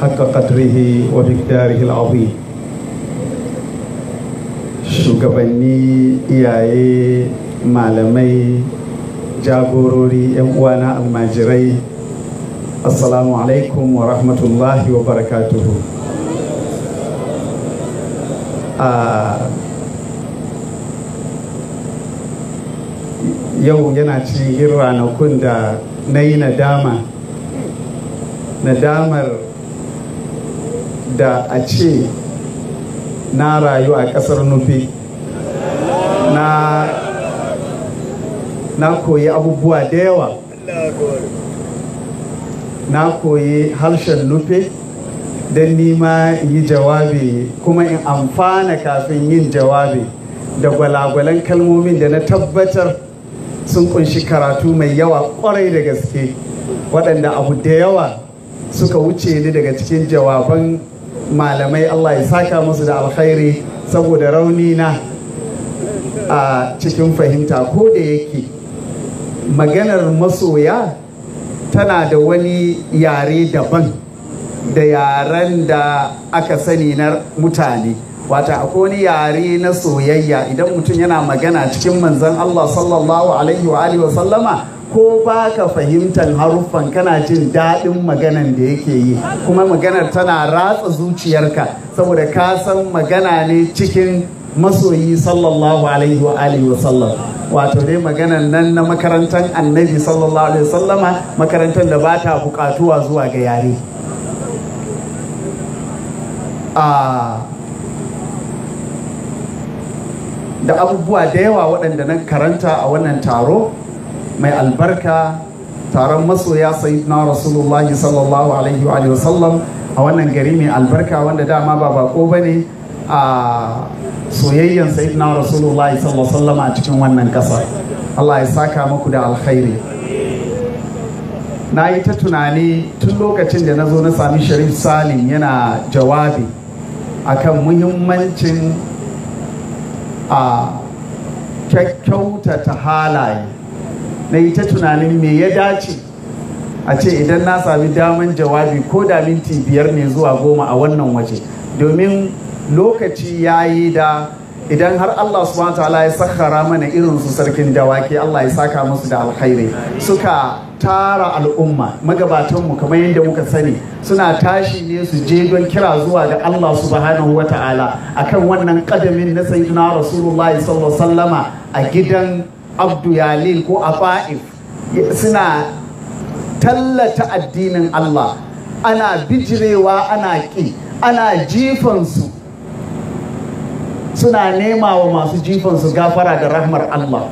حق قدره ومقداره العظيم shugabanni iyaye malamai jagorori 'yan uwana almajirai assalamu alaikum wa rahmatullahi wa barakatuhu a ah, yau yana cikin ranakun da na yi nadama nadamar da a ce na rayu a ƙasar nufi na na koyi abubuwa da yawa na koyi harshen nufe don nima yi jawabi kuma in amfana kafin yin jawabi da gwalagwalan kalmomin da na tabbatar sun kunshi karatu mai yawa kwarai da gaske waɗanda abu da yawa suka wuce ni daga cikin jawaban malamai Allah ya saka musu da alkhairi saboda rauni na a cikin fahimta ko da yake maganar masoya tana da wani yare daban da yaren da aka sani na mutane wata akwai wani yare na soyayya idan mutum yana magana cikin manzon Allah sallallahu alaihi wa alihi sallama ko ba ka fahimtar haruffan kana jin daɗin maganan da yake yi kuma maganar tana ratsa zuciyarka saboda ka san magana ne cikin masoyi sallallahu alaihi wa alihi wa sallam wato dai maganan nan na makarantar annabi sallallahu alaihi wa sallama makarantar da ba ta buƙatuwa zuwa ga yare ah, da abubuwa da yawa waɗanda nan karanta a wannan taro mai albarka taron masoya na rasulullah sallallahu alaihi wa sallam a wannan gari mai albarka wanda dama ba bako ba ne a soyayyan na rasulullah sallallahu sallam a cikin wannan ƙasa allah ya saka maku da alkhairi na yi ta tunani tun lokacin da na zo na sami sharif salim yana jawabi akan muhimmancin a ta halaye na yi ta tunanin me ya dace a ce idan na sami daman jawabi ko da minti biyar ne zuwa goma a wannan waje domin lokaci ya yi da idan har Allah subhanahu wa ta'ala ya sakhara mana irin su sarkin dawaki Allah ya saka musu da alkhairi suka tara al'umma magabatanmu kamar yadda muka sani suna tashi ne su je don kira zuwa ga Allah subhanahu wa ta'ala akan wannan kadamin na sayyidina rasulullahi sallallahu sallama a gidan abdu ko a fa'if suna tallata addinin Allah ana bijirewa ana ƙi ana jifansu suna nema wa masu jifansu gafara da rahmar Allah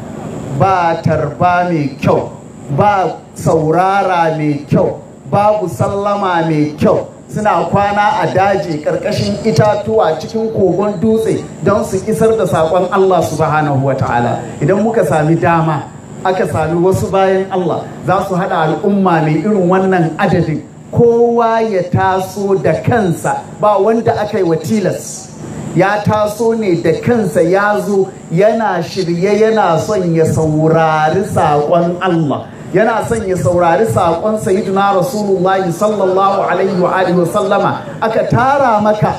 ba tarba mai kyau ba saurara mai kyau babu sallama mai kyau suna kwana a daji ƙarƙashin itatuwa cikin kogon dutse don su isar da saƙon Allah subhanahu wa ta'ala idan muka sami dama aka sami wasu bayan Allah za su haɗa al'umma mai irin wannan adadin kowa ya taso da kansa ba wanda aka yi wa tilas ya taso ne da kansa ya zo yana shirye yana son ya saurari saƙon Allah yana son ya saurari saƙon sayyidina rasulullahi sallallahu alaihi wa alihi sallama aka tara maka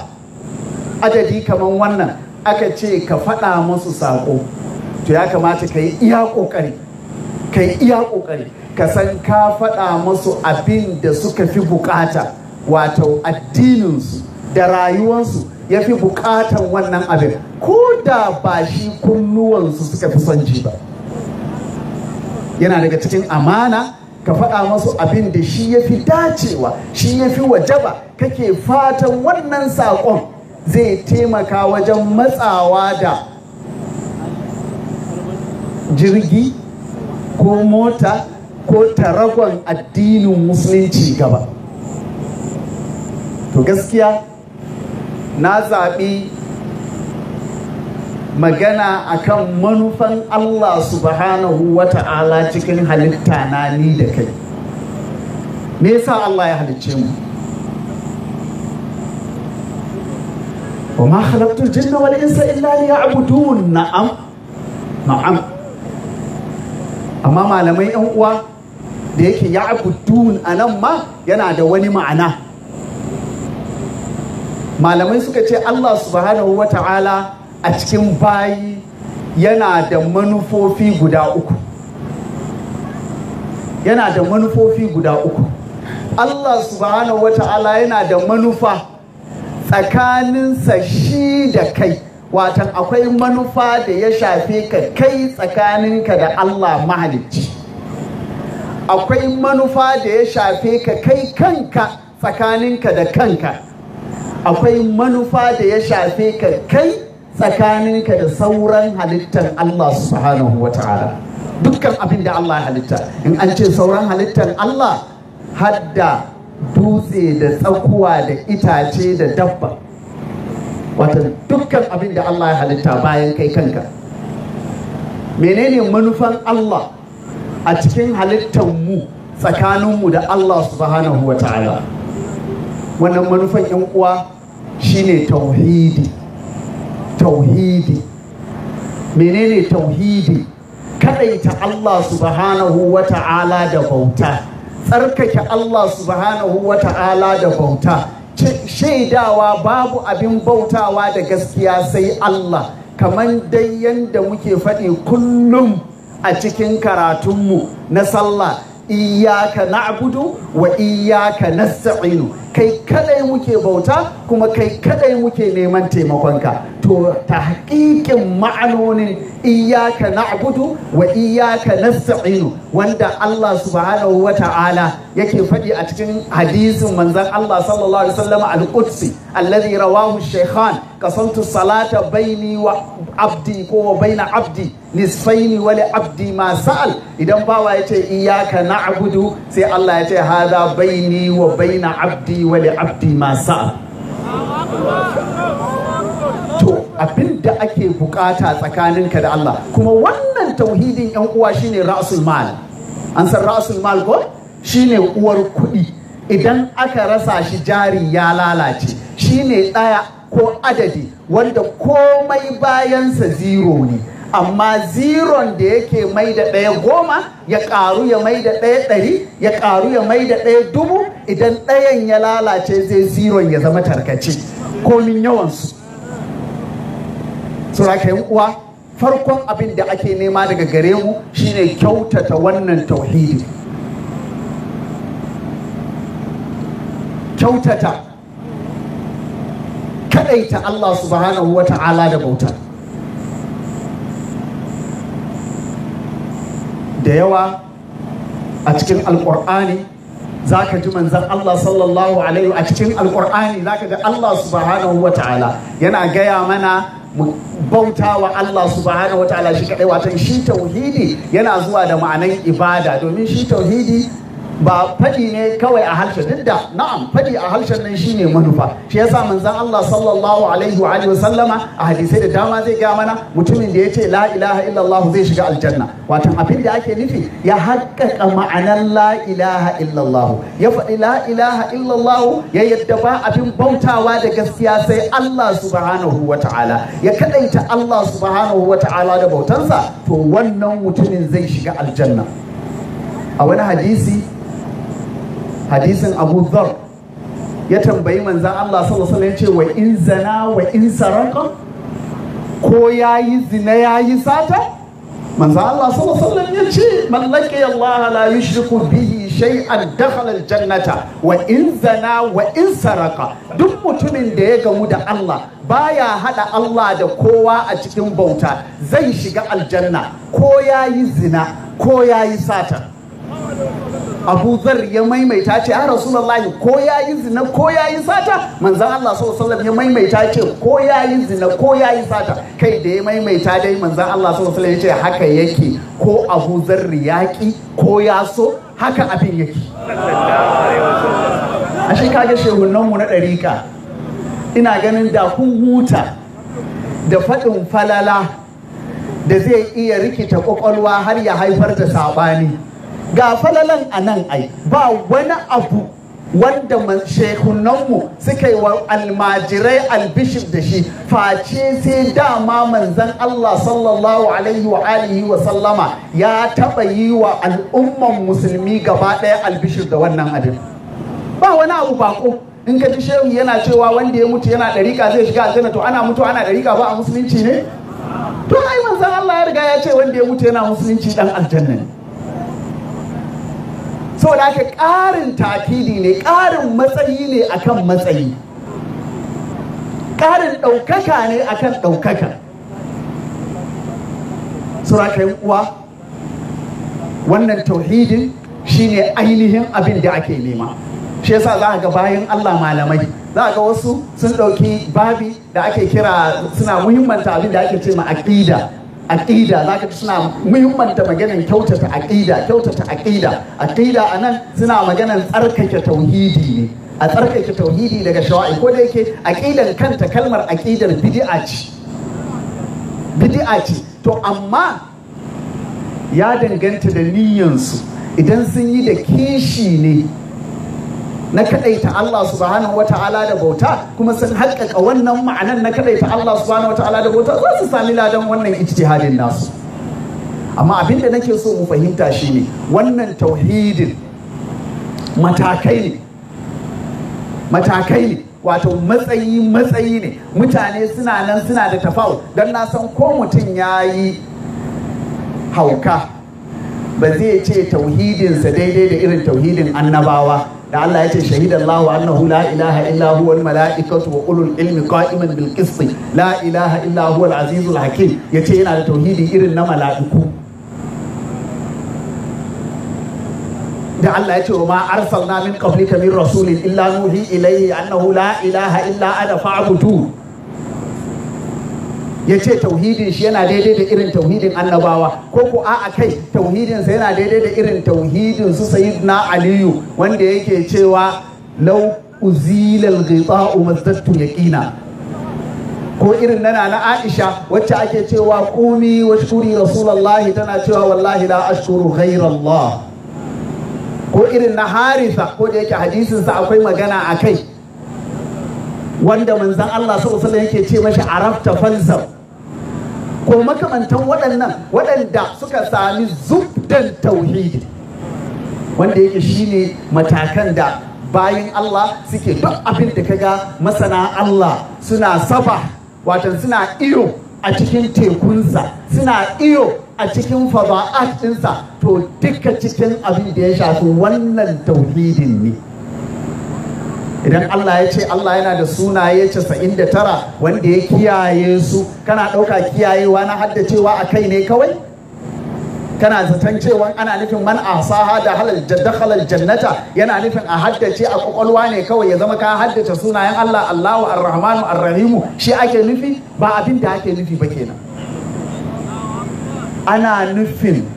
adadi kaman wannan aka ce ka faɗa musu saƙo to ya kamata ka yi iya ƙoƙari ka yi iya ƙoƙari ka san ka faɗa musu abin da suka fi buƙata wato addininsu da rayuwansu ya fi buƙatan wannan abin ko da ba shi kunnuwansu suka fi son ji ba yana daga cikin amana ka faɗa masu abin da shi ya fi dacewa shi ya fi wajaba kake fatan wannan saƙon zai taimaka wajen matsawa da jirgi ko mota ko taragon addinin musulunci gaba to gaskiya na zaɓi magana akan manufan Allah subhanahu wa ta'ala cikin halitta na ni da kai me yasa Allah ya halicce mu wa ma khalaqtul jinna wal insa illa liya'budun na'am na'am amma malamai yan uwa da yake ya'budun anan ma yana da wani ma'ana malamai suka ce Allah subhanahu wa ta'ala a cikin bayi yana da manufofi guda uku yana da manufofi guda uku Allah subhanahu wata'ala yana da manufa tsakaninsa shi da kai watan akwai manufa da ya shafe ka kai tsakaninka da Allah mahalicci akwai manufa da ya shafe ka kai kanka tsakaninka da kanka akwai manufa da ya shafe ka kai tsakaninka da sauran halittar Allah subhanahu wa ta'ala dukkan abin da Allah halitta in an ce sauran halittar Allah hadda dutse da tsakuwa da itace da dabba wata dukkan abin da Allah ya halitta bayan kai kanka menene manufan Allah a cikin halittar mu tsakaninmu da Allah subhanahu wa ta'ala wannan manufan 'yan uwa shine tauhidi tauhidi menene tauhidi kadaita Allah subhanahu wa da bauta tsarkake Allah subhanahu wa da bauta shaidawa babu abin bautawa da gaskiya sai Allah kaman dai yadda muke faɗi kullum a cikin karatunmu na sallah iyaka na'budu wa iyaka nasta'inu kai kadai muke bauta kuma kai kadai muke neman taimakon ka to ta haƙiƙin ma'anonin iyaka na'budu wa iyaka nasta'inu wanda Allah subhanahu wa ta'ala yake faɗi a cikin hadisin manzon Allah sallallahu alaihi wasallam al-Qudsi alladhi rawahu shaykhan qasamtu salata baini wa abdi ko wa baina abdi nisfaini wa li abdi ma sa'al idan bawa yace iyaka na'budu sai Allah yace hada baini wa baina abdi abdi masa to abinda ake bukata tsakaninka da Allah kuma wannan tauhidin yan uwa shine ra'sul mal an san ra'sul mal ko shine uwar kuɗi idan aka rasa shi jari ya lalace shine ɗaya ko adadi wanda komai bayansa zero ne amma ziron da yake mai da ɗaya goma ya ƙaru ya mai da ɗaya ɗari ya ƙaru ya mai da ɗaya dubu idan ɗayan ya lalace zai ziron ya zama tarkace komin yawansu Surakayin uwa farkon abin da ake nema daga gare mu shine kyautata wannan tauhidi kyautata Kaɗaita Allah subhanahu wa ta'ala da bauta da yawa a cikin alƙur'ani za ka ji manzan Allah sallallahu alaihi a cikin alƙur'ani za ka ga Allah subhanahu wa ta'ala yana gaya mana bauta wa Allah subhanahu wa ta'ala shi kaɗai watan shi tauhidi yana zuwa da ma'anan ibada domin shi tauhidi ba faɗi ne kawai a harshe duk da na'am faɗi a harshen nan shine manufa shi yasa manzon Allah sallallahu alaihi wa alihi sallama a hadisai da dama zai ga mana mutumin da yace la ilaha illallah zai shiga aljanna wato abin da ake nufi ya haƙƙaƙa ma'anar la ilaha illallah ya faɗi la ilaha illallah ya yadda ba abin bautawa da gaskiya sai Allah subhanahu wa ta'ala ya kadaita Allah subhanahu wa ta'ala da bautansa to wannan mutumin zai shiga aljanna a wani hadisi hadisin abu dhar ya tambayi manzan Allah sallallahu alaihi ce wa in zana wa in saraka ko ya yi zina ya yi sata manzan Allah sallallahu alaihi ya ce mallake Allah la yushriku bihi shay'an dakhala aljannata wa in zana wa in saraka duk mutumin da ya gamu da Allah baya hada Allah da kowa a cikin bauta zai shiga aljanna ko ya yi zina ko ya yi sata abu zar ya maimaita ce a rasulullahi ko ya yi zina ko ya yi sata manzan Allah sallallahu ya maimaita ce ko ya yi zina ko ya yi sata kai da ya maimaita dai manzan Allah sallallahu ya ce haka yake ko abu zar ki ko ya so haka abin yake a shi kage shehunan mu na ɗarika ina ganin da kun huta da faɗin falala da zai iya rikita ƙwaƙwalwa har ya haifar da saɓani. ga falalan a nan ai ba wani abu wanda shekunanmu suka yi wa almajirai albishir da shi face sai dama manzan Allah sallallahu alaihi wa alihi wa sallama ya taɓa yi wa al'umman musulmi gaba ɗaya albishir da wannan abin ba wani abu bako in ka ji shehu yana cewa wanda ya mutu yana ɗariƙa zai shiga aljanna to ana mutu ana ɗariƙa ba a musulunci ne to ai manzan Allah ya riga ya ce wanda ya mutu yana musulunci dan aljanna ne saboda haka ƙarin takidi ne ƙarin matsayi ne akan matsayi ƙarin ɗaukaka ne akan ɗaukaka surakai uwa wannan tauhidin shine ainihin abin da ake nema shi yasa za ga bayan Allah malamai za a ga wasu sun ɗauki babi da ake kira suna muhimmanta abin da ake ce ma aƙida aqida zaka ji suna muhimmanta maganar kyautata aqida kyautata aqida aqida anan suna maganar tsarkake tauhidi ne a tsarkake tauhidi daga shawa'i ko da yake aqidan kanta kalmar aqidar bid'a ce bid'a ce to amma ya danganta da niyyansu idan sun yi da kishi ne na kadaita Allah subhanahu ta'ala da bauta kuma sun haƙƙaƙa wannan ma'anan na kadaita Allah subhanahu ta'ala da bauta za su sami ladan wannan ijtihadin nasu amma abin da nake so mu fahimta shi ne wannan tauhidin matakai ne matakai ne wato matsayi matsayi ne mutane suna nan suna da tafawo don na san ko mutum ya yi hauka ba zai ce tauhidinsa daidai da irin tauhidin annabawa da Allah ya ce shahidallahu annahu la ilaha illa huwa almalaikatu wa ulul ilmi qa'iman bil qist la ilaha illa huwa alazizul hakim yace yana da tauhidi irin na mala'iku da Allah ya ce wa ma arsalna min qablika min rasulin illa nuhi ilayhi annahu la ilaha illa ana fa'budu ya ce tauhidin shi yana daidai da irin tauhidin annabawa ko ko a kai tauhidinsa yana daidai da irin tauhidin su na aliyu wanda yake cewa lau uzilal ghita'u mazdatu yaqina ko irin nana na Aisha wacce ake cewa kumi wa shkuri rasulullahi tana cewa wallahi la ashkuru ghayra Allah ko irin na Harisa ko da yake hadisin sa akwai magana akai wanda manzan Allah sallallahu yake ce mashi arafta fanzam ko makamantan waɗannan waɗanda suka sami zubdan tauhidi wanda yake shine matakan da bayan Allah suke duk abin da kaga masana Allah suna saba watan suna iyo a cikin tekunsa suna iyo a cikin faba'at ɗinsa to duka cikin abin da ya shafi wannan tauhidin ne idan Allah ya ce Allah yana da sunaye casa'in da tara wanda ya kiyaye su kana ɗauka kiyayewa na haddacewa a kai ne kawai kana zaton cewa ana nufin man asaha da halal jannata yana nufin a haddace a kwakwalwa ne kawai ya zama ka haddace sunayen Allah Allahu Ar-Rahmanu Ar-Rahimu shi ake nufi ba abin da ake nufi ba kenan ana nufin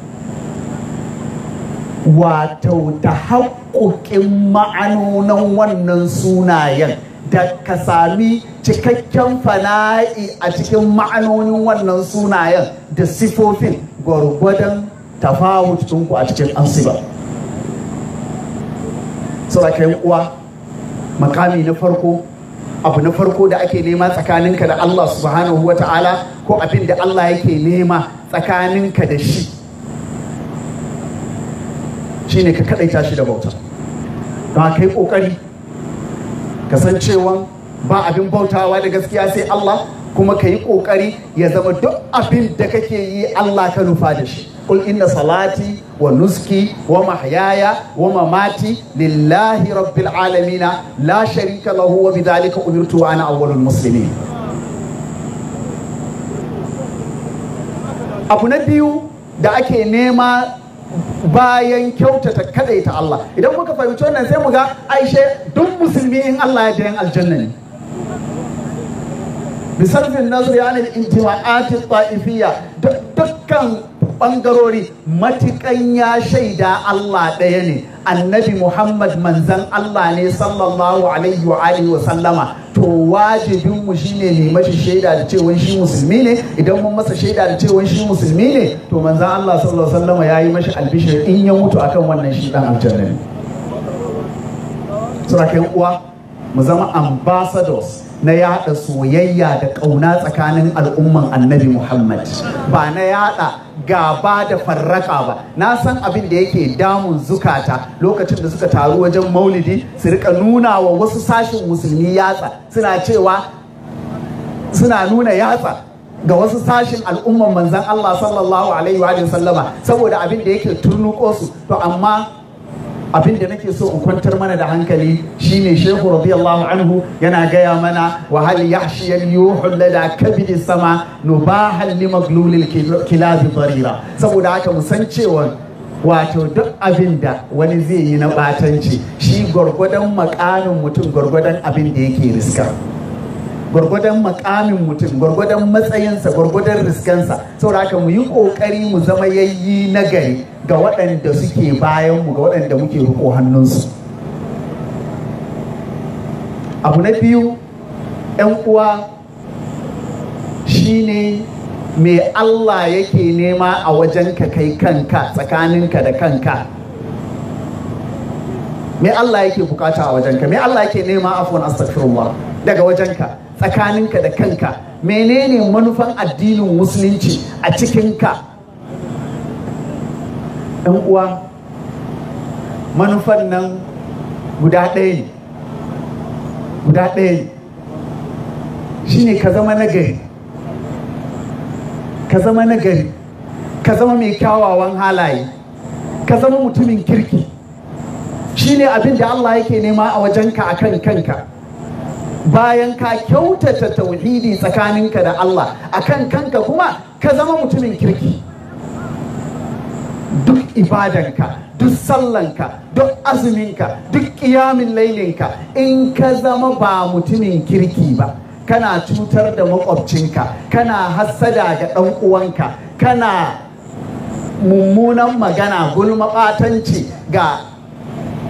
wato ta haƙoƙin ma'anonin wannan sunayen da ka sami cikakken fana'i a cikin ma'anonin wannan sunayen da sifofin gwargwadon tafawutun ku a cikin ansiba saboda uwa makami na farko abu na farko da ake nema tsakaninka da Allah subhanahu wa ta'ala ko abin da Allah yake nema tsakaninka da shi shi ne ka kadaita shi da bauta ba kai kokari kasancewan ba abin bautawa da gaskiya sai Allah kuma ka yi kokari ya zama duk abin da kake yi Allah ka nufa da shi kul inna salati wa nuski wa mahyaya wa mamati lillahi rabbil alamin la sharika lahu wa bidhalika umirtu wa ana awwalul muslimin abu na biyu da ake nema bayan kyautata ta Allah idan muka fahimci wannan sai mu ga aishe duk musulmi in Allah ya da yan aljanna ne bisarfin nazari an intiwa'ati ta'ifiyya dukkan ɓangarori matikan ya shaida Allah ɗaya ne annabi Muhammad manzan Allah ne sallallahu alaihi wa alihi wa sallama to wajibin mu shine ne mashi shaida da cewa shi musulmi ne idan mun masa shaida da cewa shi musulmi ne to manzan Allah sallallahu alaihi wa sallama yayi mashi albishir in ya mutu akan wannan shi dan aljanna ne sura kai uwa mu zama ambassadors na yada soyayya da ƙauna tsakanin al'umman annabi Muhammad ba na yada gaba da farraka ba na san abin da yake damun zukata lokacin da suka taru wajen maulidi su rika nuna wa wasu sashin musulmi yatsa suna cewa suna nuna yatsa ga wasu sashin al'umman manzan Allah sallallahu alaihi wa sallama saboda abin da yake turnuko su to amma abin da nake so in kwantar mana da hankali shine shehu radiyallahu anhu yana gaya mana wa hal yahshi al yuhul lada kabid sama Nubahal li al kilab tarira saboda haka mu san cewa wato duk abin da wani zai yi na batanci shi gwargwadon makamin mutum gwargwadon abin da yake riska gwargwadon makamin mutum gwargwadon matsayinsa gwargwadon riskansa saboda haka mu yi kokari mu zama yayyi na gari ga waɗanda suke bayan mu ga waɗanda muke riko hannunsu abu na biyu 'yan uwa shine me Allah yake nema a wajen ka kai kanka tsakaninka da kanka me Allah yake bukata a wajenka me Allah yake nema afwan astaghfirullah daga wajenka tsakaninka da kanka menene manufan addinin musulunci a cikinka ɗan uwa manufan nan guda ɗaya ne guda ɗaya shi ne ka zama nagari ka zama nagari ka zama mai kyawawan halaye ka zama mutumin kirki shi ne abin da Allah yake nema a wajenka a kan kanka bayan ka kyautata tauhidi tsakaninka da Allah a kan kanka kuma ka zama mutumin kirki ibadanka duk sallanka duk azuminka duk ƙiyamin lailinka in ka zama ba mutumin kirki ba kana cutar da makwabcinka kana hassada ga ɗan uwanka kana mummunan magana gulma ga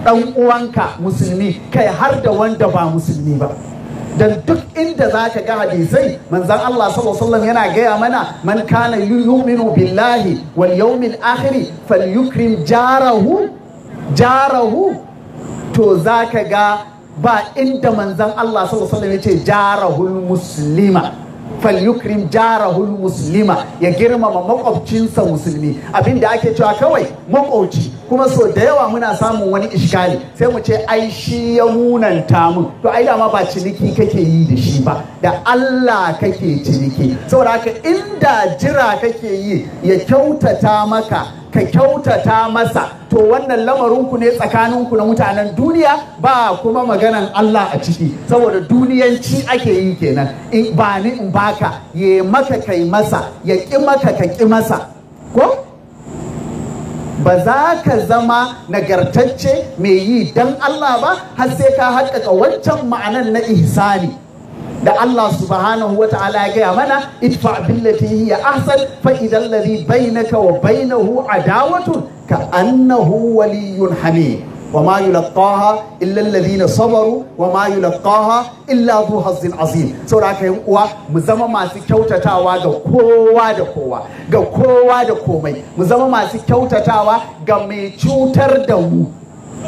ɗan uwanka musulmi kai har da wanda ba musulmi ba dan duk inda zaka ga hadisai manzon Allah sallallahu alaihi yana gaya mana man kana yu'minu billahi wal yawmil akhir falyukrim jarahu jarahu to zaka ga ba inda manzon Allah sallallahu alaihi yace jarahul muslima falyukrim jarahul muslima ya girmama makwabcinsa musulmi abin da ake cewa kawai makwabci kuma so da yawa muna samun wani ishkali sai mu ce ai shi ya munanta mun to ai dama ba ciniki kake yi da shi ba da Allah kake ciniki saboda haka inda jira kake yi ya kyautata maka ka kyautata masa to wannan lamarinku ne tsakaninku na mutanen duniya ba kuma maganan Allah a ciki saboda duniyanci ake yi kenan in ba ni in baka ya maka kai masa ya ƙi maka ka ƙi masa ko ba za ka zama nagartacce mai yi don Allah ba har sai ka haƙƙaƙa wancan ma'anan na ihsani da Allah subhanahu wa ta'ala ya gaya mana idfa billati hiya ahsan fa idal ladhi bainaka wa bainahu adawatun ka annahu waliyyun hamid وما يلقاها إلا sabaru wa وما يلقاها إلا ذو حظ azim so da yan uwa mu zama masu kyautatawa ga kowa da kowa ga kowa da komai mu zama masu kyautatawa ga mai cutar da mu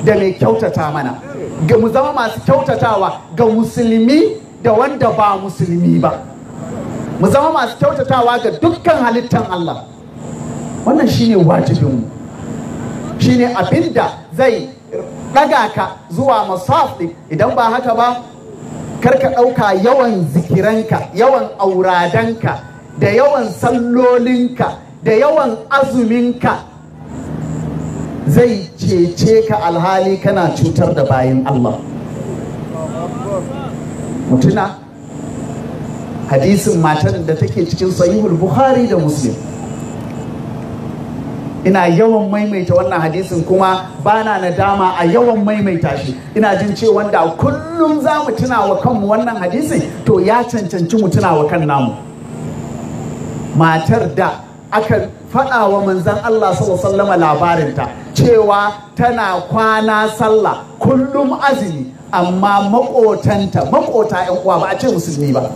da mai kyautata mana ga mu zama masu kyautatawa ga musulmi da wanda ba musulmi ba mu zama masu kyautatawa ga dukkan halittan Allah wannan shine wajibinmu shine da zai daga ka zuwa masaf idan ba haka ba karka ɗauka yawan zikiranka yawan auradanka da yawan sallolinka da yawan azuminka zai cece ka alhali kana cutar da bayan Allah mutuna hadisin matar da take cikin sahihul bukhari da muslim ina yawan maimaita wannan hadisin kuma bana nadama a yawan maimaita shi ina jin cewa wanda kullum za mu tuna wa kanmu wannan hadisin to ya cancanci mu tuna wa kan namu matar da aka faɗa wa manzan Allah sallama labarinta cewa tana kwana sallah kullum azumi amma makotanta makota yan uwa ba a ce musulmi ba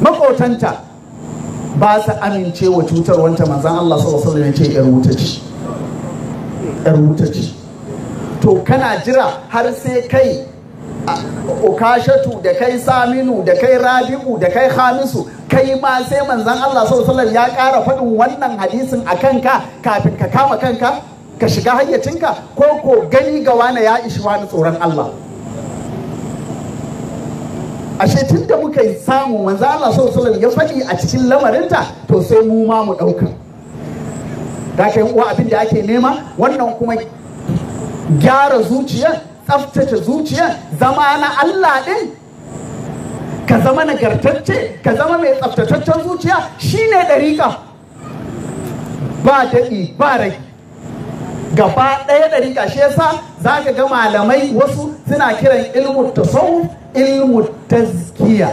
maƙotanta ba ta amince wa cutar wanta manzan Allah sallallahu alaihi wasallam ce yar wuta ce yar wuta ce to kana jira har sai kai ukashatu da kai saminu da kai rabi'u da kai hamisu kai ma sai manzan Allah sallallahu alaihi wasallam ya ƙara faɗin wannan hadisin a kanka kafin ka kama kanka ka shiga hayyacinka ko ko gani ga wani ya ishi wani tsoron Allah ashe tun da muka yi samu manzo Allah sallallahu ya faɗi a cikin lamarinta to sai mu ma mu ɗauka da ka uwa abin da ake nema wannan kuma gyara zuciya tsaftace zuciya zama na Allah ɗin ka zama nagartacce ka zama mai tsaftataccen zuciya shine ɗariƙa ba daɗi ba rai gaba ɗaya ɗari kashe sa za ka ga malamai wasu suna kiran ilmu tasawuf ilmu tazkiya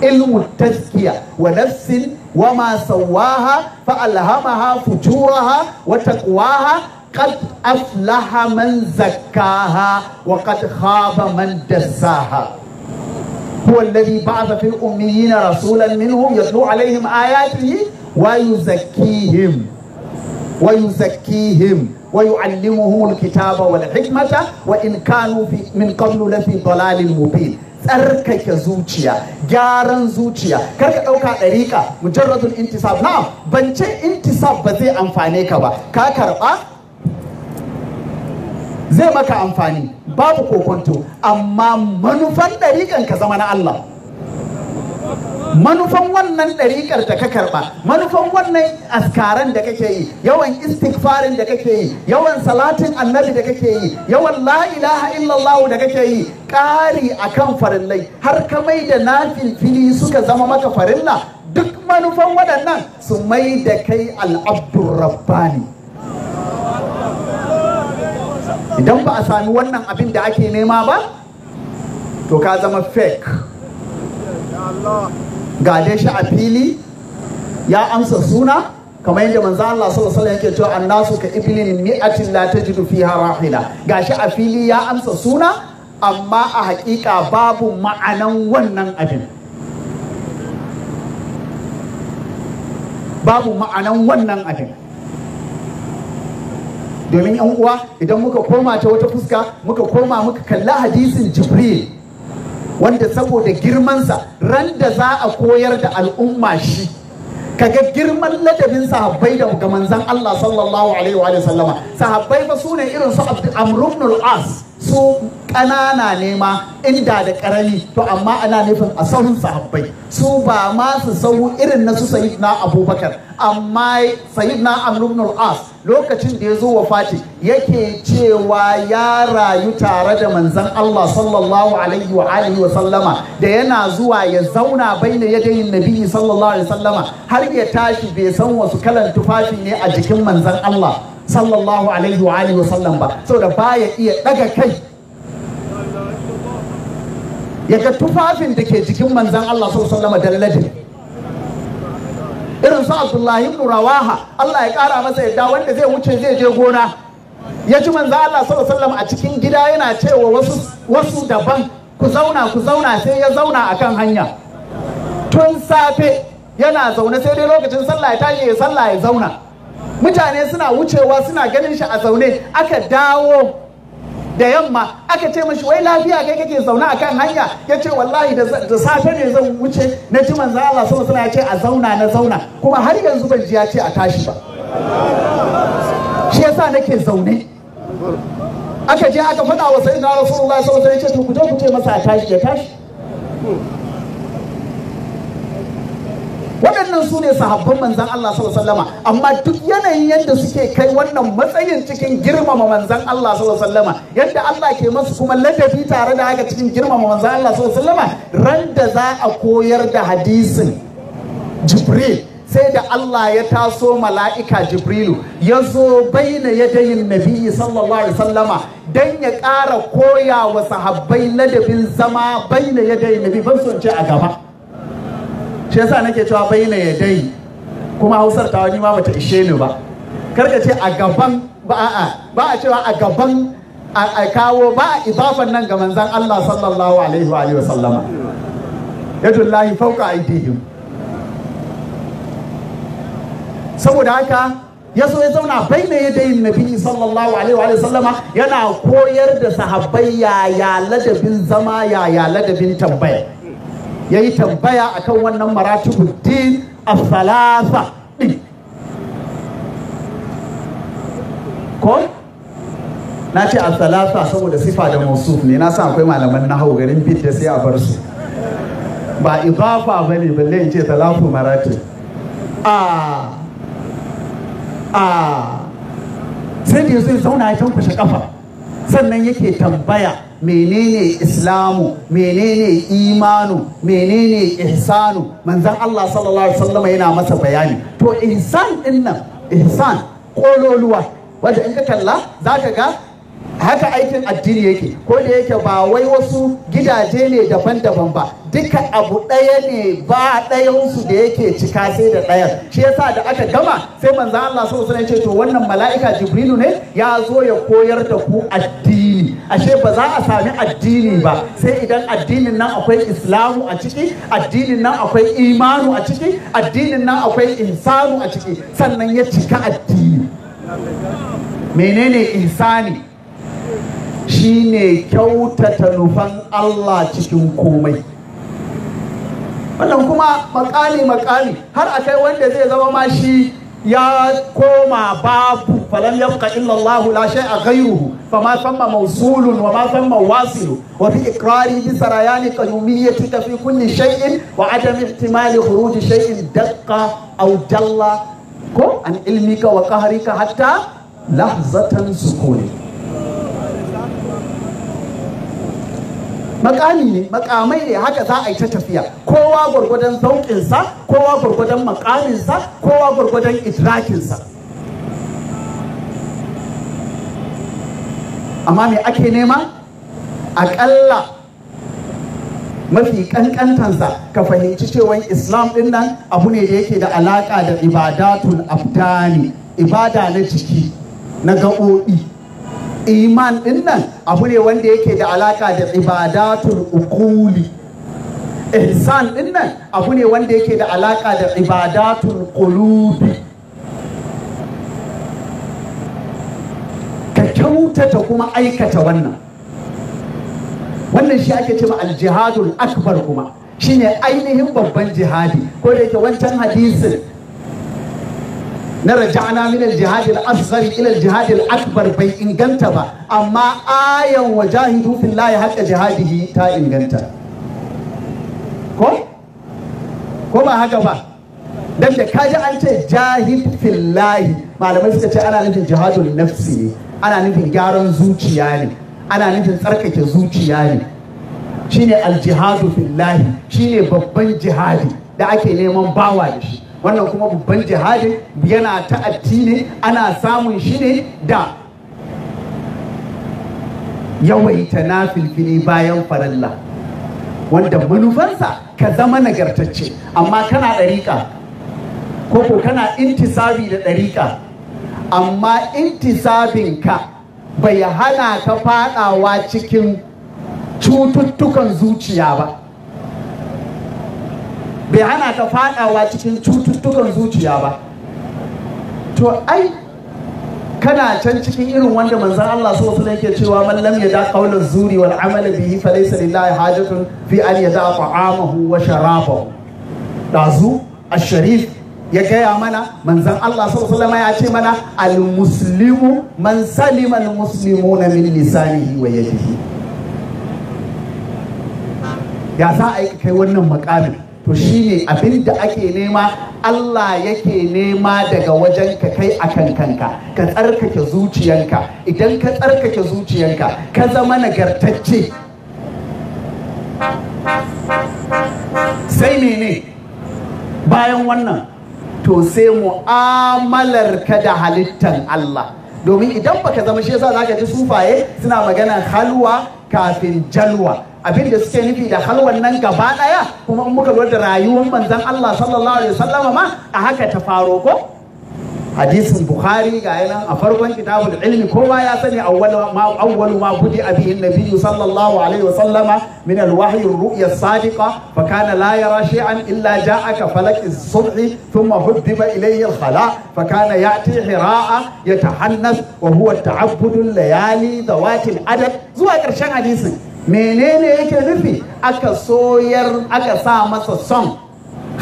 ilmu tazkiya wa nafsin wa ma sawaha fa alhamaha fujuraha wa taqwaha qad aflaha man zakkaha wa qad khaba man dassaha هو الذي بعث في الأميين رسولا منهم يتلو عليهم آياته ويزكيهم ويزكيهم ويعلمهم الكتاب والحكمة وإن كانوا في من قبل لفي ضلال مبين tsarkake zuciya gyaran zuciya kar ka ɗauka ɗariƙa mujarradul intisab na bance intisab ba zai amfane ka ba ka karɓa zai maka amfani babu kokonto amma manufan ɗariƙan ka zama na Allah manufan wannan ɗariƙar da ka karɓa manufan wannan askaran da kake yi yawan istighfarin da kake yi yawan salatin annabi da kake yi yawan la ilaha illallah da kake yi ƙari akan farillai har ka mai da filfili suka zama maka farilla duk manufan waɗannan su mai da kai al'abdur rabbani idan ba a sami wannan abin da ake nema ba to ka zama fake ga dai shi a fili ya amsa suna kamar yadda manzo Allah sallallahu alaihi yake cewa annasu ka iblin mi'atin la tajidu fiha rahila gashi a fili ya amsa suna amma a haƙiƙa babu ma'anan wannan abin babu ma'anan wannan abin domin yan uwa idan muka koma ta wata fuska muka koma muka kalla hadisin jibril wanda saboda girmansa ran da za a koyar da al'umma shi kaga girman ladabin sahabbai da ga manzon Allah sallallahu alaihi wa sallama sahabbai fa sune irin su Amr ibn al-As su ƙanana ne ma inda da ƙarami to amma ana nufin a sahun sahabbai su ba ma su sahu irin na su na abubakar amma na amr as lokacin da ya zo wafati yake cewa ya rayu tare da Manzan Allah sallallahu alaihi wa alihi wa sallama da yana zuwa ya zauna bai baina yadayin nabi sallallahu alaihi wa sallama har ya tashi bai san wasu kalan tufafi ne a jikin Manzan Allah sallallahu alaihi wa alihi wasallam ba saboda baya iya daga kai yaga tufafin da ke jikin manzan Allah sallallahu alaihi wasallam irin su Abdullahi ibn Rawaha Allah ya kara masa yadda wanda zai wuce zai je gona ya ji manzan Allah sallallahu alaihi wasallam a cikin gida yana cewa wasu wasu daban ku zauna ku zauna sai ya zauna akan hanya tun safe yana zaune sai dai lokacin sallah ya tashi ya sallah ya zauna mutane suna wucewa suna ganin shi a zaune aka dawo da yamma aka ce mashi wai lafiya kai kake zaune a kan hanya ya ce wallahi da safe ne zan wuce na ji manzo Allah sama suna ya ce a zauna na zauna kuma har yanzu ban ji ya ce a tashi ba shi yasa nake zaune aka je aka faɗa wa sayyidina rasulullahi sallallahu alaihi wasallam ya ce to ku je ku ce masa a tashi ya tashi waɗannan su ne sahabban manzan Allah sallallahu amma duk yanayin yadda suke kai wannan matsayin cikin girmama manzan Allah sallallahu yadda Allah ke masu kuma ladabi tare da haka cikin girmama manzan Allah sallallahu ran da za a koyar da hadisin Jibril sai da Allah ya taso mala'ika Jibrilu ya zo baina yadayin nabi sallallahu alaihi sallama don ya ƙara koya wa sahabbai ladabin zama baina yadayin nabi ban son ce a gaba. shi yasa nake cewa bayyana ya dai kuma hausar ta wani ma bata ishe ni ba Kar ka ce a gaban ba a ba a cewa a gaban a kawo ba a ibafan nan ga manzan Allah sallallahu alaihi wa alihi wasallama yadullahi fauka aidihim saboda haka ya so ya zauna baina yadayin nabi sallallahu alaihi wa sallama yana koyar da sahabbai yaya ladabin zama yaya ladabin tambaya ya yi tambaya a kan wannan maratibun a asalasa ɗin ko na ce a falasa saboda sifa da masu ne na san akwai malaman na garin bid da sai a bar su ba idafa ba ne balle in ce talafu maratib a a sai da yanzu zauna ya tankwashe kafa sannan yake tambaya menene islamu menene imanu menene ihsanu manzan Allah sallallahu alaihi wasallam yana masa bayani to ihsan din nan ihsan kololuwa wanda in ka kalla zaka ga haka aikin addini yake ko da yake ba wai wasu gidaje ne daban-daban ba duka abu ɗaya ne ba ɗayansu da yake cika sai da ɗayan shi yasa da aka gama sai manzo Allah sallallahu alaihi wasallam ya ce to wannan mala'ika Jibrilu ne ya zo ya koyar da ku addini ashe ba za a sami addini ba sai idan addinin nan akwai islamu a ciki addinin nan akwai imanu a ciki addinin nan akwai insanu a ciki sannan ya cika addini menene insani shine kyautata nufan Allah cikin komai wannan kuma makali makali har akai wanda zai zama ma shi يا كوما باب فلم يبق الا الله لا شيء غيره فما ثم موصول وما ثم واصل وفي اقرار بسريان قيوميتك في كل شيء وعدم احتمال خروج شيء دقة او جل عن علمك وقهرك حتى لحظه سكونك makami ne makamai ne haka za a yi ta tafiya kowa gwargwadon zauƙinsa kowa gwargwadon makaminsa kowa gwargwadon idrakinsa amma me ake nema aƙalla mafi ƙanƙantansa ka fahimci cewa islam ɗin nan abu ne da yake da alaƙa da ibadatul abdani ibada na jiki na gaɓoɓi iman din nan abu ne wanda yake da alaka da ibadatul uquli ihsan din nan abu ne wanda yake da alaka da ibadatul qulubi ka kyautata kuma aikata wannan wannan shi ake cewa aljihadul akbar kuma shine ainihin babban jihadi ko da yake wancan hadisin na raja'ana min al-jihad al-asghar ila al-jihad akbar bai inganta ba amma ayan wajahidu fillahi haqqa jihadihi ta inganta ko ko ba haka ba dan da kaji an ce jahid fillahi malamai suka ce ana nufin jihadul nafsi ne ana nufin gyaran zuciya ne ana nufin tsarkake zuciya ne shine al-jihadu fillahi shine babban jihadi da ake neman bawa da shi wannan kuma babban jihadin yana ta'atti ne ana samun shi ne da yawaita na filfini bayan faralla wanda manufansa ka zama nagartacce amma kana ɗariƙa ko ko kana intisabi da ɗariƙa amma intisabinka bai hana ka faɗawa cikin cututtukan zuciya ba bai hana ka fadawa cikin cututtukan zuciya ba to ai kana can cikin irin wanda manzan Allah so sun yake cewa man lam da qawlan zuri wal amala bihi fa laysa lillahi hajatun fi an da ta'amahu wa sharabahu dazu asharif sharif ya gaya mana manzan Allah sallallahu ya ce mana al-muslimu man salima al-muslimuna min lisanihi wa yadihi ya za a yi kai wannan makamin to shi ne abin da ake nema Allah yake nema daga wajen ka kai a kan kanka ka tsarkake zuciyanka idan ka tsarkake zuciyanka ka zama nagartacce sai ne bayan wannan to sai mu'amalar ka da halittan Allah domin idan baka zama shi yasa zaka ji sufaye suna maganar halwa kafin jalwa abin da suke nufi da halwan nan gaba daya kuma in muka lura da rayuwar manzon Allah sallallahu alaihi wasallama ma a haka ta faro ko hadisin bukhari ga yanan a farkon kitabul ilmi kowa ya sani awwal ma awwal ma budi abihi nabi sallallahu alaihi wasallama min alwahyi ar-ru'ya sadiqa fa kana la yara shay'an illa ja'aka falak as-subh thumma hudiba ilayhi al-khala fa kana ya'ti hira'a yatahannas wa huwa ta'abbud al-layali dawati al zuwa karshen hadisin menene yake nufi aka soyar aka sa masa son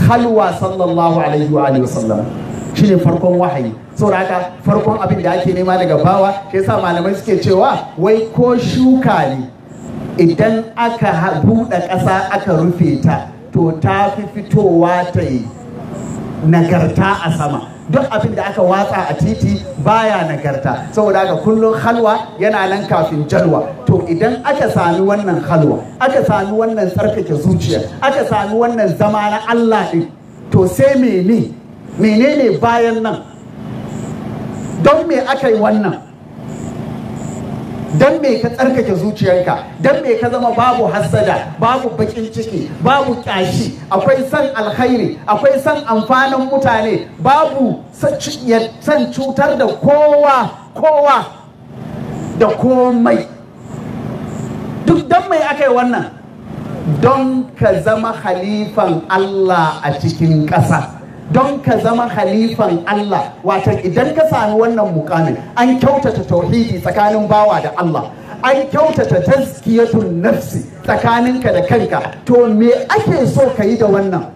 halwa sallallahu alaihi wa alihi wasallam shine farkon wahayi saboda haka farkon abin da ake nema daga bawa shi yasa malamai suke cewa wai ko shuka ne idan aka buɗe ƙasa aka rufe ta to ta fi fitowa ta yi nagarta a sama duk abin da aka watsa a titi baya nagarta saboda haka kullum halwa yana nan kafin jalwa to idan aka sami wannan halwa aka sami wannan tsarkake zuciya aka sami wannan zama na Allah din to sai mene menene bayan nan don me aka yi wannan dan me ka tsarkake zuciyarka dan me ka zama babu hassada babu bakin ciki babu kyashi akwai san alkhairi akwai san amfanin mutane babu san cutar da kowa kowa da komai duk dan mai aka yi wannan don ka zama halifan Allah a cikin ƙasa. don ka zama halifan Allah wata idan ka sami wannan mukamin an kyautata tauhidi tsakanin bawa da Allah an kyautata tazkiyatun nafsi tsakaninka da kanka to me ake so ka yi da wannan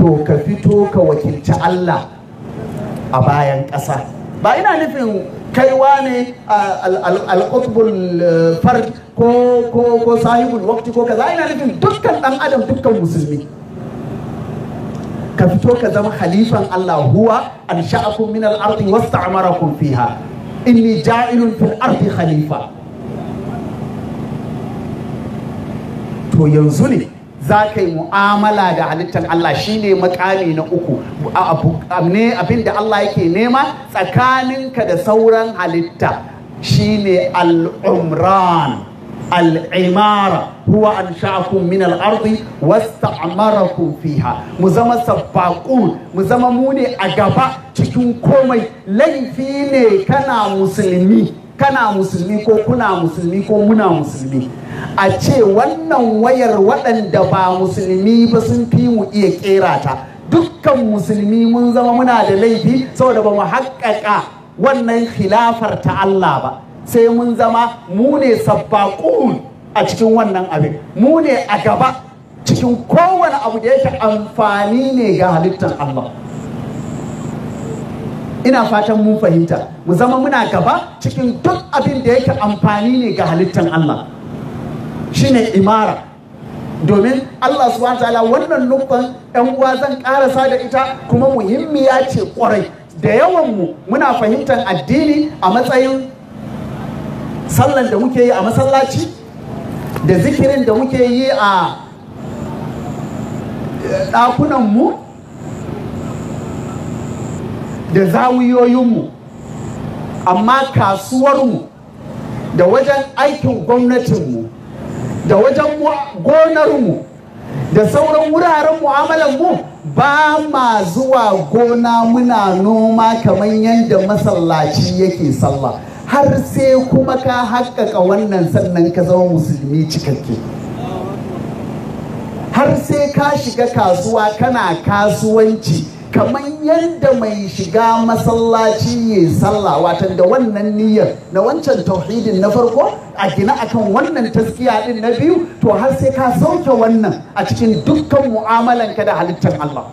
to ka fito ka wakilci Allah a bayan ƙasa ba ina nufin kaiwa ne al-qutbul eh, fard ko sahibul wakti ko kaza ina nufin dukkan ɗan adam dukkan musulmi ka fito ka zama khalifan Allah huwa an sha'akum min al-ardi wasta'marakum fiha inni ja'ilun fil ardi khalifa to yanzu ne za ka yi mu'amala da halittar Allah shi ne makami na uku ne abin da Allah yake nema tsakaninka da sauran halitta shine al-umran al'imara huwa an sha'akun min al'ardi wasta'amarakum fiha mu zama sabbakun mu zama mune a gaba cikin komai laifi ne kana musulmi kana musulmi ko kuna musulmi ko muna musulmi a ce wannan wayar waɗanda ba musulmi ba sun fi mu iya ƙera ta dukkan musulmi mun zama muna da laifi saboda ba mu haƙƙaƙa wannan khilafar ta Allah ba sai mun zama mu ne sabbaqun a cikin wannan abin mu ne a gaba cikin kowane abu da yake amfani ne ga halittar Allah ina fatan mun fahimta mu zama muna gaba cikin duk abin da yake amfani ne ga halittar Allah shine imara domin Allah subhanahu ta'ala wannan nufin yan uwa zan karasa da ita kuma muhimmiya ce kwarai da yawan mu muna fahimtar addini a matsayin sallan da muke yi a masallaci da zikirin da muke yi a eh, ɗakunanmu da zawiyoyinmu amma kasuwarmu da wajen aikin gwamnatinmu da wajen gonarmu da sauran wuraren mu'amalanmu ba ma zuwa gona muna noma kamar yadda masallaci yake sallah har sai kuma ka haƙƙaƙa wannan sannan ka zama musulmi cikakke har sai ka shiga kasuwa kana kasuwanci kamar yadda mai shiga masallaci ya sallah watan da wannan niyyar na wancan tauhidin na farko a gina akan wannan taskiya din na biyu to har sai ka sauke wannan a cikin dukkan mu'amalanka da halittar Allah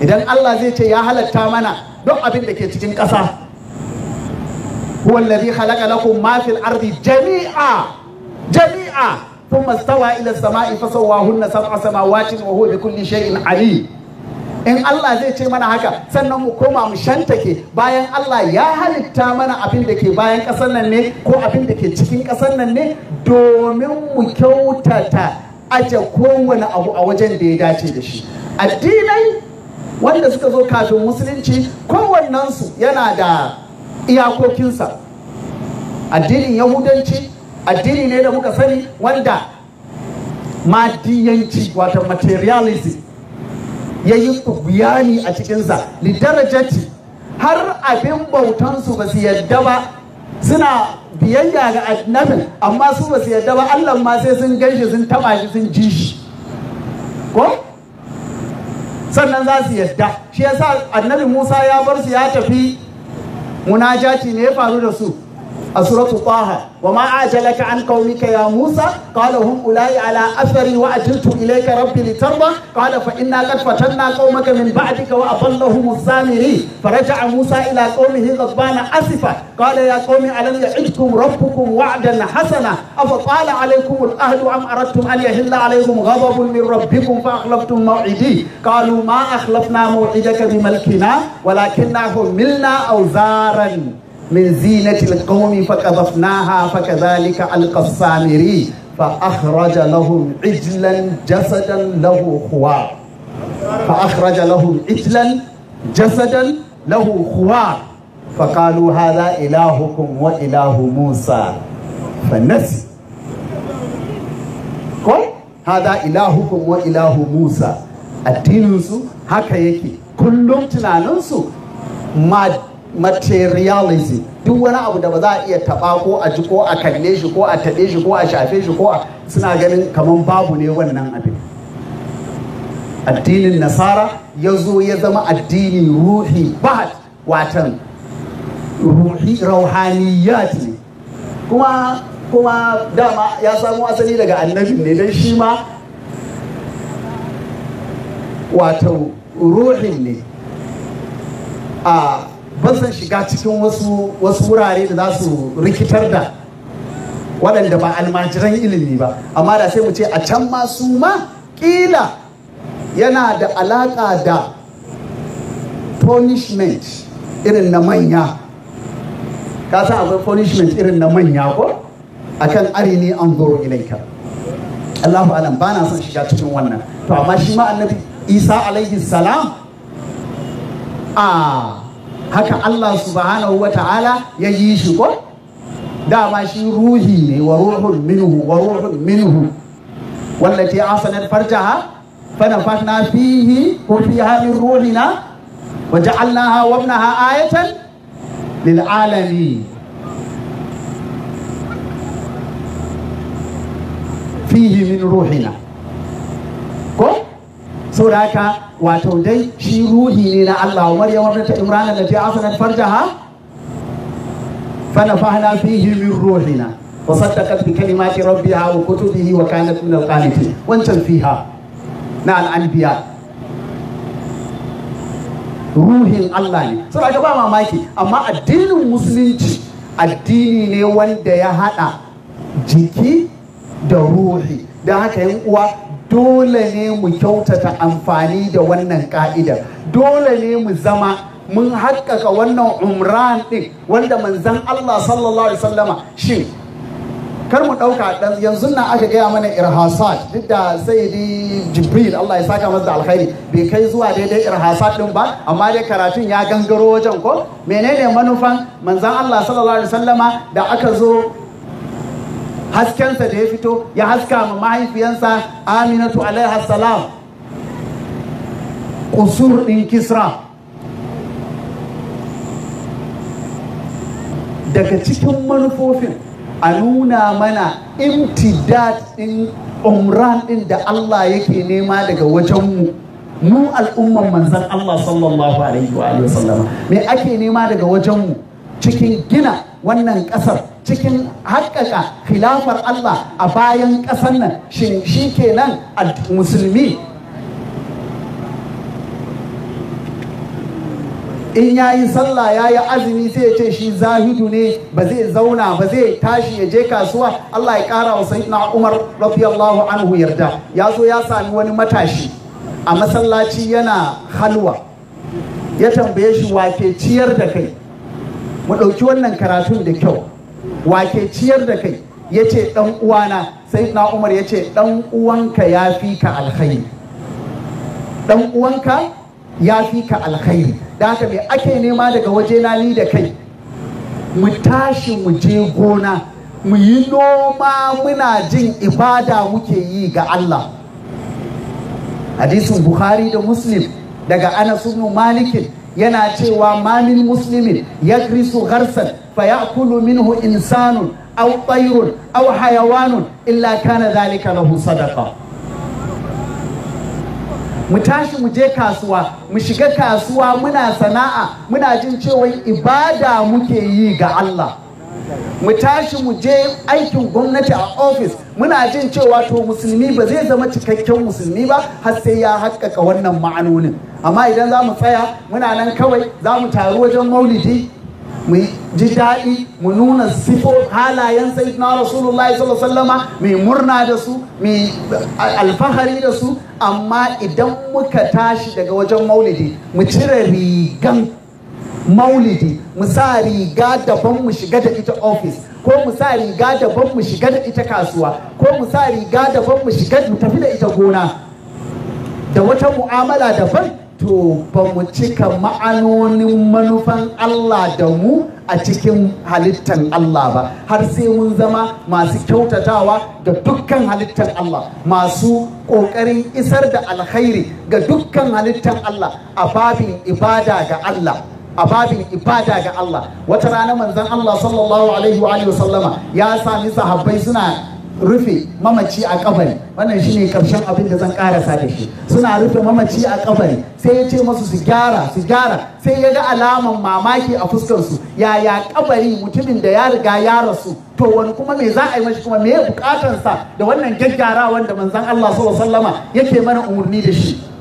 idan Allah zai ce ya halatta mana don abin da ke cikin ƙasa هو الذي خلق لكم ما في الأرض جميعا جميعا ثم استوى إلى السماء فسواهن سبع سماوات وهو بكل شيء عليم in Allah zai ce mana haka sannan mu koma mu shantake bayan Allah ya halitta mana abin da ke bayan ƙasar nan ne ko abin da ke cikin ƙasar nan ne domin mu kyautata aje kowane abu a wajen da ya dace da shi addinai wanda suka zo kafin musulunci kowannensu yana da iyakokinsa addinin yahudanci addini ne da muka sani wanda madiyanci wato materialism ya yi tsubiyani a cikinsa lidarajati har abin bautansu ba su yadda ba suna biyayya ga annabin amma su ba su yadda ba allah ma sai sun ganshi sun taba shi sun ji shi ko sannan za su yadda shi yasa annabi musa ya bar su ya tafi munajaci ne ya faru da su سورة طه وما أعجلك عن قومك يا موسى قال هم أولئي على أثري وأجلت إليك ربي لترضى قال فإنا قد فتنا قومك من بعدك وأضلهم السامري فرجع موسى إلى قومه غضبان أسفا قال يا قوم ألم يعدكم ربكم وعدا حسنا أفطال عليكم الأهل أم أردتم أن يهل عليكم غضب من ربكم فأخلفتم موعدي قالوا ما أخلفنا موعدك بملكنا ولكننا حملنا أوزارا من زينة القوم فقذفناها فكذلك ألقى السامري فأخرج لهم عجلا جسدا له خوار فأخرج لهم عجلا جسدا له خوار فقالوا هذا إلهكم وإله موسى فنسي كل هذا إلهكم وإله موسى الدين هكا يكي كلهم تنانسوا ما materialism duk wani abu da ba za a iya taba ko a ji ko a kalle shi ko a taɓe shi ko a shafe shi ko a suna ganin kamar babu ne wannan abin addinin nasara ya zo ya zama addinin ruhi ba watan ruhi rauhaniyat ne kuma kuma dama ya samo asali daga annabi ne don shi ma wato ruhin ne a san shiga cikin wasu wasu wurare da za su rikitar da waɗanda ba almajiran ilimi ba amma da sai mu ce a can ma su ma ƙila yana da alaƙa da punishment irin na manya ka san akwai punishment irin na manya ko akan arini an zoro ilaika Allahu alam ba na son shiga cikin wannan to amma shi ma annabi Isa alaihi salam a ah, haka Allah subhanahu wa ta'ala ya yi shi ko dama shi ruhi ne wa ruhun minhu wa ruhun minhu wallati asanat farjaha fa nafakhna fihi wa fiha min ruhina wa ja'alnaha wa ibnaha ayatan lil alamin fihi min ruhina ko saboda haka wato dai shi ruhi ne na Allah wa Maryam ibnat Imran ta asana farjaha fa nafahna fihi min ruhina wa saddaqat bi kalimati rabbiha wa kutubihi wa kanat min al-qanitin wancan fiha na al-anbiya ruhin Allah ne sai ka ba mamaki amma addinin musulunci addini ne wanda ya hada jiki da ruhi don haka yan uwa dole ne mu kyautata amfani da wannan ka'idar dole ne mu zama mun haƙƙaƙa wannan umran ɗin wanda manzan Allah sallallahu alaihi sallama shi kar mu ɗauka ɗan yanzu na aka gaya mana irhasat duk da di jibril Allah ya saka masa da alkhairi bai kai zuwa daidai irhasat ɗin ba amma dai karatun ya gangaro wajen ko menene manufan manzan Allah sallallahu alaihi sallama da aka zo haskensa da ya fito ya haska ma mahaifiyansa aminatu alaiha salam kusur ɗin kisra daga cikin manufofin a nuna mana imtidad din umran din da Allah yake nema daga wajenmu mu al'umman manzan Allah sallallahu alaihi wa sallama me ake nema daga wajenmu cikin gina wannan ƙasar cikin haƙƙaƙa khilafar Allah a bayan ƙasar nan shin shi kenan musulmi in ya yi sallah ya yi azumi zai ce shi zahidu ne ba zai zauna ba zai tashi ya je kasuwa Allah ya ƙara wa sayyidina Umar radiyallahu anhu yarda ya zo ya sami wani matashi a masallaci yana halwa ya tambaye shi wake ciyar da kai mu ɗauki wannan karatun da kyau wake ciyar da kai ya ce ɗan uwana sai na umar ya ce ɗan uwanka ya fi ka alkhairi ɗan uwanka ya fi ka alkhairi da haka me ake nema daga waje na ni da kai mu tashi mu je gona mu yi noma muna jin ibada muke yi ga Allah hadisin Bukhari da Muslim daga Anas Malikin. yana cewa mamin muslimin ya krisu garsan fa kulu minhu insanun aw tayrun aw hayawanun illa kana zalika lahu sadaqa mu tashi mu je kasuwa mu shiga kasuwa muna sana'a muna jin cewa ibada muke yi ga Allah mu tashi mu je aikin gwamnati a ofis muna jin cewa to musulmi ba zai zama cikakken musulmi ba har sai ya haƙƙaƙa wannan ma'anonin amma idan za mu tsaya muna nan kawai za mu taru wajen maulidi mu ji daɗi mu nuna sifo halayen sayyidina rasulullahi sallallahu sallama mai murna da su mai alfahari da su amma idan muka tashi daga wajen maulidi mu cire rigan maulidi mu sa riga daban mu shiga da ita ofis ko mu sa riga daban mu shiga da ita kasuwa ko mu sa riga daban mu shiga mu tafi da ita gona da wata mu'amala daban to ba mu cika ma'anonin manufan Allah da mu a cikin halittar Allah ba har sai mun zama masu kyautatawa ga dukkan halittar Allah masu ƙoƙarin isar da alkhairi ga dukkan halittar Allah a babin ibada ga Allah a babin ibada ga Allah wata rana manzon Allah sallallahu alaihi wa sallama ya sami sahabbai suna rufe mamaci a kabari wannan shine karshen abin da zan karasa da shi suna rufe mamaci a kabari sai ya ce masu su gyara su gyara sai ya ga alaman mamaki a fuskarsu yaya kabari mutumin da ya riga ya rasu to wani kuma me za a yi mashi kuma me ya da wannan gaggarawa da manzon Allah sallallahu alaihi sallama yake mana umurni da shi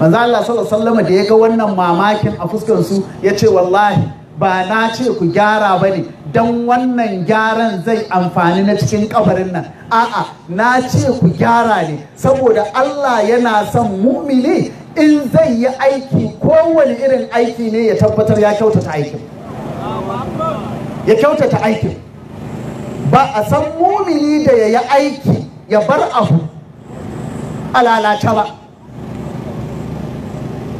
manzo Allah sallallahu alaihi wasallam da ya ga wannan mamakin a fuskar su yace wallahi ba na ce ku gyara ba ne don wannan gyaran zai amfani na cikin kabarin nan a'a na ce ku gyara ne saboda Allah yana son mumini in zai yi aiki kowane irin aiki ne ya tabbatar ya kyautata aikin ya kyautata aikin ba a san mumini da ya yi aiki ya bar abu a lalata ba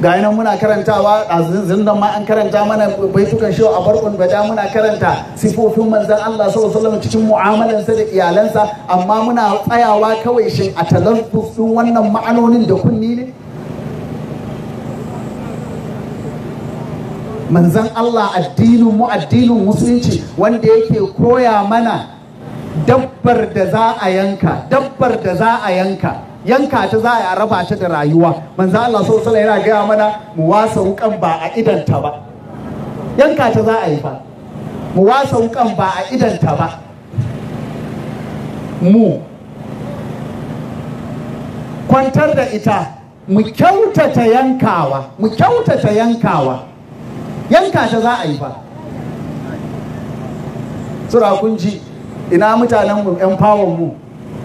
ga nan muna karantawa a zindan ma an karanta mana baitukan shi a barkun bada muna karanta sifofin manzon Allah sallallahu alaihi cikin mu'amalansa da iyalansa amma muna tsayawa kawai shin a talaffus din wannan ma'anonin da kunni ne manzon Allah addinin mu addinin musulunci wanda yake koya mana dabbar da za a yanka dabbar da za a yanka yanka ta za a raba ta da rayuwa manzo Allah sallallahu alaihi yana gaya mana mu wasa wukan ba a idanta ba yanka ta za a yi fa mu wasa wukan ba a idanta ba mu kwantar da ita mu kyautata yankawa mu kyautata yankawa yanka ta za a yi fa sura kun ji ina mutanen mu yan fawon mu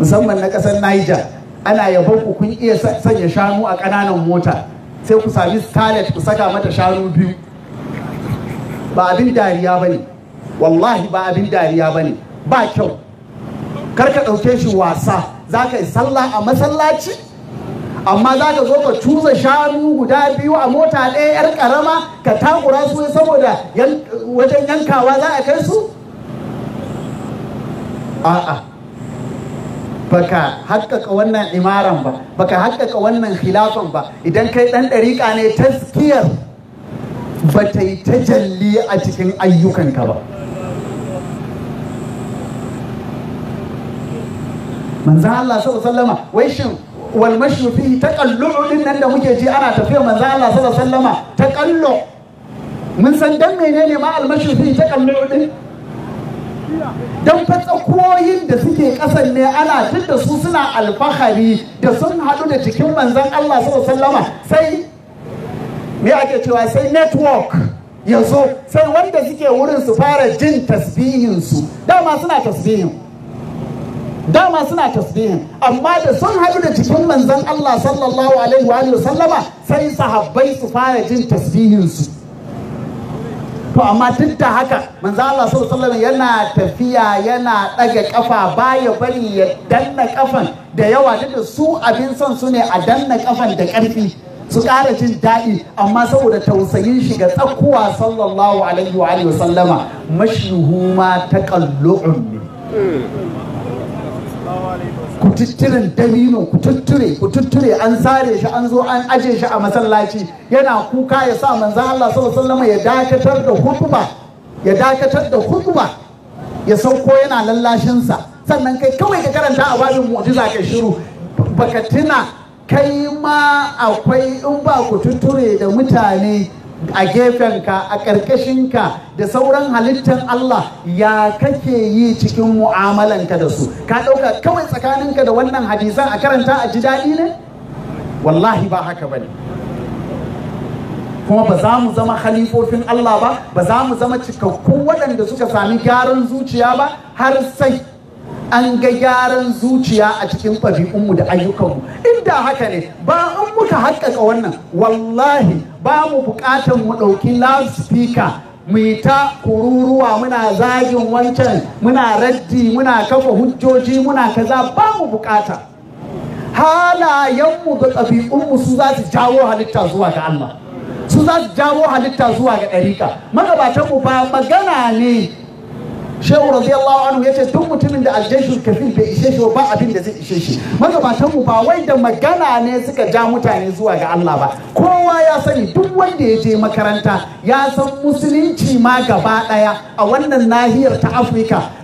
musamman na ƙasar Niger ana yabon ku kun iya sanya shanu a ƙananan mota sai ku sami stalet ku saka mata shanu biyu ba abin dariya ba ne wallahi ba abin dariya ba ne ba kyau kar ka ɗauke shi wasa za ka yi sallah a masallaci amma za ka zo ka cuza shanu guda biyu a mota ɗaya yar ƙarama ka takura su saboda wajen yankawa za a kai su a'a baka haƙƙaƙa wannan imaran ba baka haƙƙaƙa wannan khilafan ba idan kai ɗan ɗariƙa ne taskiyar ba ta yi ta jalli a cikin ayyukanka ba manzan Allah sau sallama wai shin wal mashrufi taqallu din nan da muke ji ana tafiya manzan Allah sau sallama ƙallo mun san dan menene ma al mashrufi taqallu din don fatsakoyin da suke ƙasan ne ana duk da su suna alfahari da sun haɗu da cikin manzan Allah sallama sai me ake cewa sai network ya zo sai wanda suke wurin su fara jin tasbihinsu dama suna tasbihin dama suna tasbihin amma da sun haɗu da cikin manzan Allah sallallahu alaihi wa sallama sai sahabbai su fara jin tasbihinsu to amma duk da haka manzo Allah sallallahu yana tafiya yana ɗaga kafa baya bari ya danna kafan da yawa duk da su abin son su ne a danna kafan da ƙarfi su ƙara jin daɗi amma saboda tausayin shi ga tsakuwa sallallahu alaihi wa sallama mashihu ma taqallu'un kututturen dabino kututture kututture an sare shi an zo an aje shi a masallaci yana kuka ya sa manzan Allah sallallahu ya dakatar da hutuba ya dakatar da hutuba ya sauko yana lallashinsa sannan kai kawai ka karanta a babin mu'jiza kai shiru baka tuna kai ma akwai in ba kututture da mutane a gefenka a ƙarƙashinka da sauran halittar Allah ya kake yi cikin mu'amalanka da su ka ɗauka kawai tsakaninka da wannan hadisan a karanta a ji daɗi ne wallahi ba haka ba ne. kuma ba za mu zama halifofin Allah ba ba za mu zama cikakkun waɗanda suka sami gyaran zuciya ba har sai an ga gyaran zuciya a cikin ɗabi'unmu da ayyukanmu inda haka ne ba an muka haƙƙaƙa wannan wallahi ba mu buƙatar mu ɗauki loudspeaker mu yi ta kururuwa muna zagin wancan muna raddi muna kafa hujjoji muna kaza ba mu buƙata halayenmu da ɗabi'unmu su za su jawo halitta zuwa ga Allah su za su jawo halitta zuwa ga ɗarika magabatanmu ba magana ne shehu radiyallahu anhu ce duk mutumin da aljashul kafin bai ishe shi ba abin da zai ishe shi magabatan mu ba wai da magana ne suka ja mutane zuwa ga Allah ba kowa ya sani duk wanda ya je makaranta ya san musulunci ma gaba daya a wannan nahiyar ta Afrika.